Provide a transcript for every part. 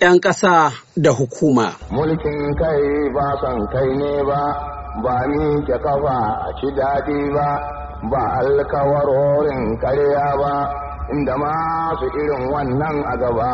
'yan ƙasa da hukuma. Mulkin kai ba kan kai ne ba, ba ni ke kafa a ci daɗi ba, ba alkawarorin karya ba, inda masu irin wannan a gaba.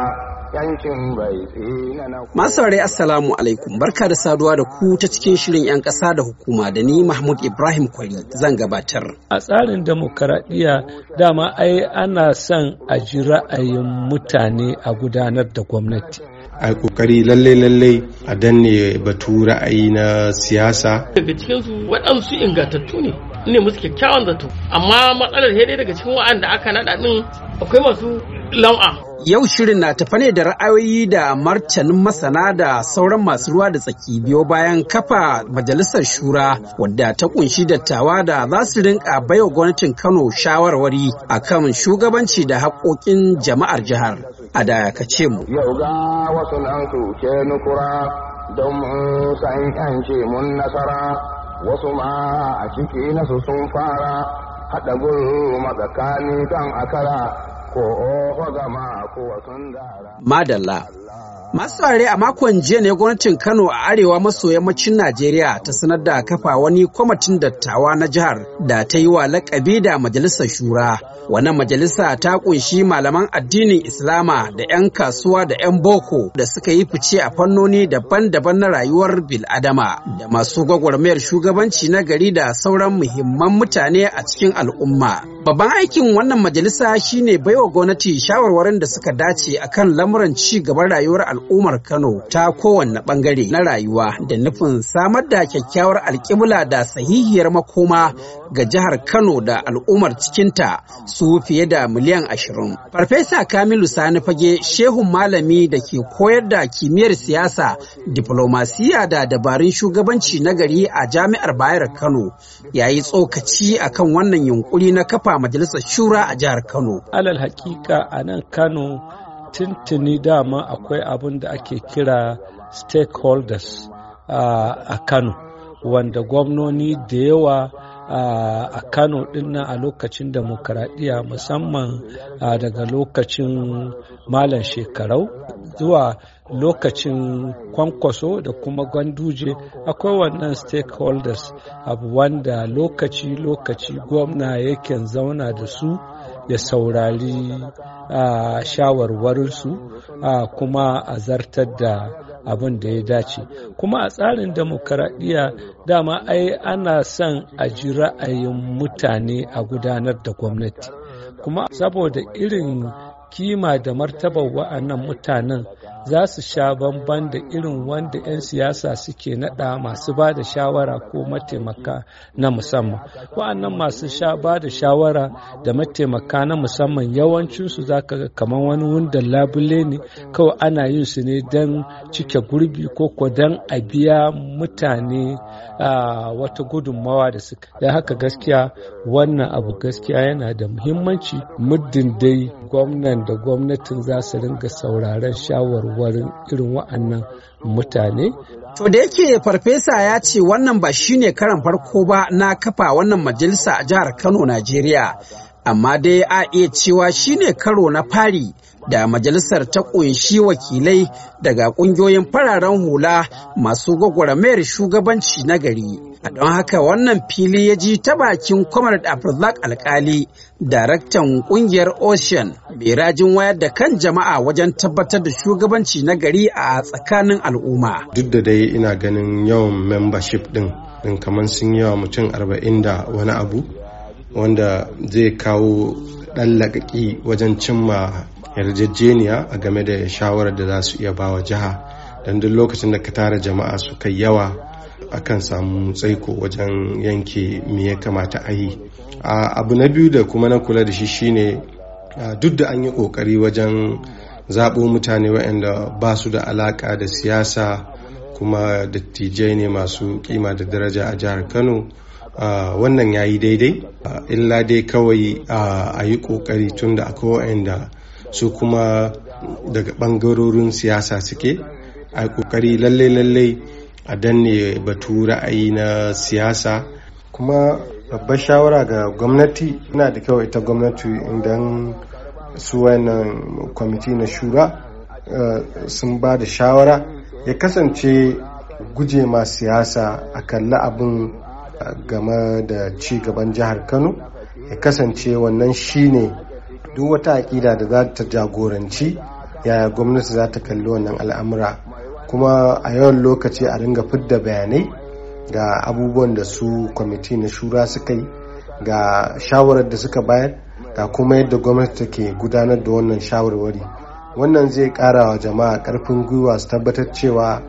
Masu saurari Assalamu alaikum barka da saduwa da ku ta cikin shirin 'yan ƙasa da hukuma da ni Mahmud Ibrahim Kwari zan gabatar. A tsarin demokaradiyya dama ai ana son a ji ra'ayin mutane a gudanar da gwamnati. a kokari lalle lalle a danne batu ra'ayi na siyasa daga cikin su waɗansu ingantattu ne ne musu kyakkyawan zato amma matsalar daidai daga cikin wa'anda aka naɗa ɗin akwai masu lam'a. Yau shirin na tafa ne da ra'ayoyi da martanin masana da sauran masu ruwa da tsaki biyo bayan kafa majalisar shura wadda ta kunshi dattawa da za su rinka baiwa gwamnatin Kano shawarwari a kan shugabanci da haƙoƙin jama'ar jihar. A da ka ce mu. Yau ga wasu nan su ce nukura don mun san ce mun nasara wasu ma a ciki nasu sun fara haɗa gulu matsakani kan akara Madalla. Masu rare a makon jiya ne gwamnatin Kano a arewa maso yammacin Najeriya ta sanar da kafa wani kwamitin dattawa na jihar da ta yi wa lakabi da majalisar shura. Wannan majalisa ta kunshi malaman addinin Islama da 'yan kasuwa da 'yan boko da suka yi fice a fannoni daban-daban na rayuwar bil'adama da masu gwagwarmayar shugabanci na gari da sauran muhimman mutane a cikin al'umma. Babban aikin wannan majalisa shine baiwa gwamnati shawarwarin da suka dace akan lamuran ci gaban rayuwar al'ummar Kano ta kowanne bangare na rayuwa da nufin samar da kyakkyawar alkibla da sahihiyar makoma ga jihar Kano da al'ummar cikinta su fiye da miliyan ashirin. Farfesa Kamilu Sani Fage shehun malami da ke koyar da kimiyyar siyasa, diplomasiya da dabarun shugabanci na gari a jami'ar Bayar Kano ya yi tsokaci akan wannan yunkuri na kafa jefa majalisar shura a jihar Kano. Alal hakika a nan Kano tuntuni dama akwai abin da ake kira stakeholders ah, a Kano wanda gwamnoni da yawa a kano dinnan a lokacin demokaradiyya musamman daga lokacin malam shekarau zuwa lokacin kwankwaso da kuma gwanduje akwai wannan stakeholders abu wanda lokaci-lokaci gwamna yake zauna da su ya saurari shawarwarinsu kuma a zartar da abin da ya dace kuma a tsarin demokaradiyya dama ai ana son a ji ra'ayin mutane a gudanar da gwamnati kuma saboda irin kima da martabar wa'annan mutanen za su sha bamban da irin wanda 'yan siyasa suke nada masu ba da shawara ko mataimaka na musamman wa'annan masu sha ba da shawara da mataimaka na musamman yawancinsu za ka kamar wani wundan labule ne kawai ana yin su ne don cike gurbi ko ko don a biya mutane wata gudunmawa da suka da haka gaskiya wannan abu gaskiya yana da muhimmanci muddin dai gwamnan da gwamnatin za su ringa sauraren shawarwarin irin wa'annan mutane. To da yake farfesa ya ce wannan ba shi ne karan farko ba na kafa wannan majalisa a jihar Kano, Najeriya. Amma dai a iya cewa shi ne karo na fari da majalisar ta ƙunshi wakilai daga ƙungiyoyin fararen hula masu gwagwarmayar shugabanci na gari. a don haka wannan fili ya ji ta bakin comrade Abdullak alkali daraktan kungiyar ocean mai rajin wayar da kan jama'a wajen tabbatar da shugabanci na gari a tsakanin al'umma duk da dai ina ganin yawan membership din din kamar sun yawa mutum arba'in da wani abu wanda zai kawo ɗan wajen cimma yarjejeniya a game da shawarar da za su iya bawa jiha don duk lokacin da ka tara jama'a su kai yawa akan samu tsaiko wajen yanke me ya kamata a yi abu na biyu da kuma na kula da shi shine duk da an yi ƙoƙari wajen zaɓo mutane waɗanda ba su da alaƙa da siyasa kuma dattijai ne masu kima da daraja a jihar kano Ah, wannan ya yi daidai ah, illa dai kawai ah, a yi kokari tun da akwai wa'anda su kuma daga bangarorin siyasa suke a yi kokari lallai lallai a danne batu ra'ayi na siyasa kuma babbar shawara ga gwamnati na da kyau ita gwamnati idan su wannan kwamiti na shura sun ba da shawara ya kasance guje ma siyasa a kalli abin game da ci gaban jihar kano ya kasance wannan shine duk wata aƙida da za ta jagoranci yaya gwamnati za ta kalli wannan al'amura kuma a yawan lokaci a ringa fidda bayanai ga abubuwan da su kwamiti na shura suka yi ga shawarar da suka bayar ga kuma yadda gwamnati take gudanar da wannan shawarwari wannan zai kara wa jama'a karfin gwiwa su tabbatar cewa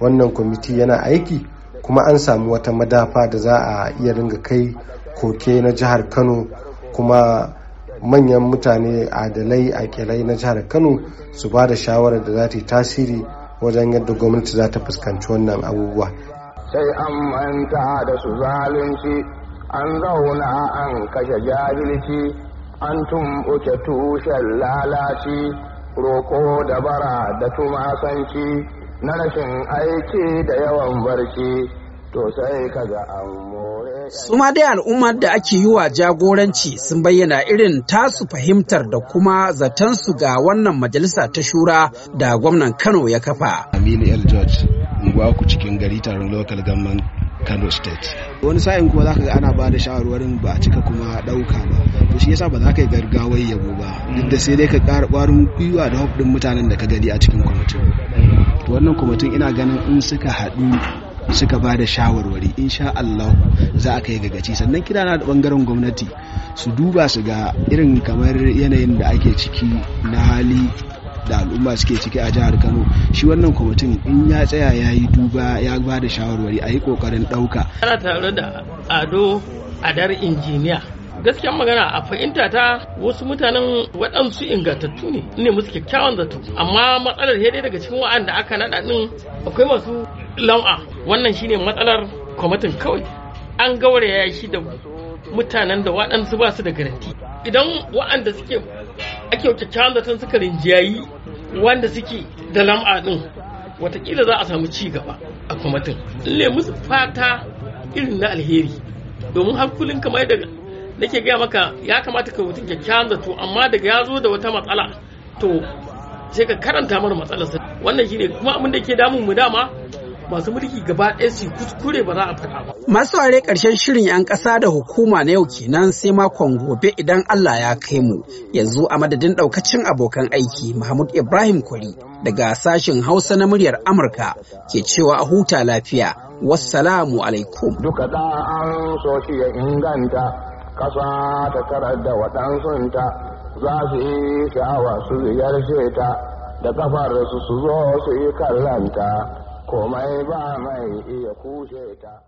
wannan kwamiti yana aiki kuma an samu wata madafa da za a iya ringa kai koke na jihar kano kuma manyan mutane adalai akilai na jihar kano su ba da shawarar da za ta yi tasiri wajen yadda gwamnati za ta fuskanci wannan abubuwa sai an manta da su zalunci an zauna an kashe jahilci an tumbuke tushen lalaci roko da bara da tumasanci na rashin aiki da yawan barci to sai kaga an more. Suma dai al'ummar da ake yi wa jagoranci sun bayyana irin tasu fahimtar da kuma zaton su ga wannan majalisa ta shura da gwamnan Kano ya kafa. Aminu El George, ku cikin gari taron local government Kano State. Wani sa'in kuma zaka ga ana ba da shawarwarin ba a cika kuma ɗauka ba. To shi yasa ba za ka yi gargawai yabo ba. Duk da sai dai ka ƙara ƙwarin gwiwa da hop mutanen da ka gani a cikin kwamitin. wannan wannan kwamitin ina ganin in suka haɗu suka ba da shawarwari in sha Allah za a kai gagaci sannan kira na da bangaren gwamnati su duba su ga irin kamar yanayin da ake ciki na hali da al'umma suke ciki a jihar kano shi wannan kwamitin in ya tsaya ya yi duba ya ba da shawarwari a yi kokarin ɗauka ana tare da ado adar injiniya gaskiyar magana a fahimta ta wasu mutanen waɗansu ingantattu ne ne musu kyakkyawan zato amma matsalar ya daga cikin wa'anda aka naɗa ɗin akwai masu lam'a wannan shine matsalar kwamitin kawai an gauraya shi da mutanen da waɗansu ba su da garanti idan wa'anda suke ake kyakkyawan zaton suka rinjiyayi wanda suke da lam'a ɗin watakila za a samu ci gaba a kwamitin le musu fata irin na alheri domin har kullum kamar yadda nake gaya maka ya kamata ka mutum kyakkyawan zato amma daga ya zo da wata matsala to sai ka karanta mana sa wannan shine kuma abin da ke damun mu dama masu mulki gaba ɗaya su kuskure ba za a faɗa ba. Masu ware ƙarshen shirin 'yan ƙasa da hukuma na yau kenan sai makon gobe idan Allah ya kai mu. Yanzu a madadin ɗaukacin abokan aiki Mahmud Ibrahim kuri daga sashen Hausa na muryar Amurka ke cewa a huta lafiya. Wassalamu alaikum. Duka da an so ya inganta ƙasa ta karar da waɗansunta za su yi sha'awa su ziyarce ta da kafar su su zo su yi kallanta komai ba mai iya kushe ta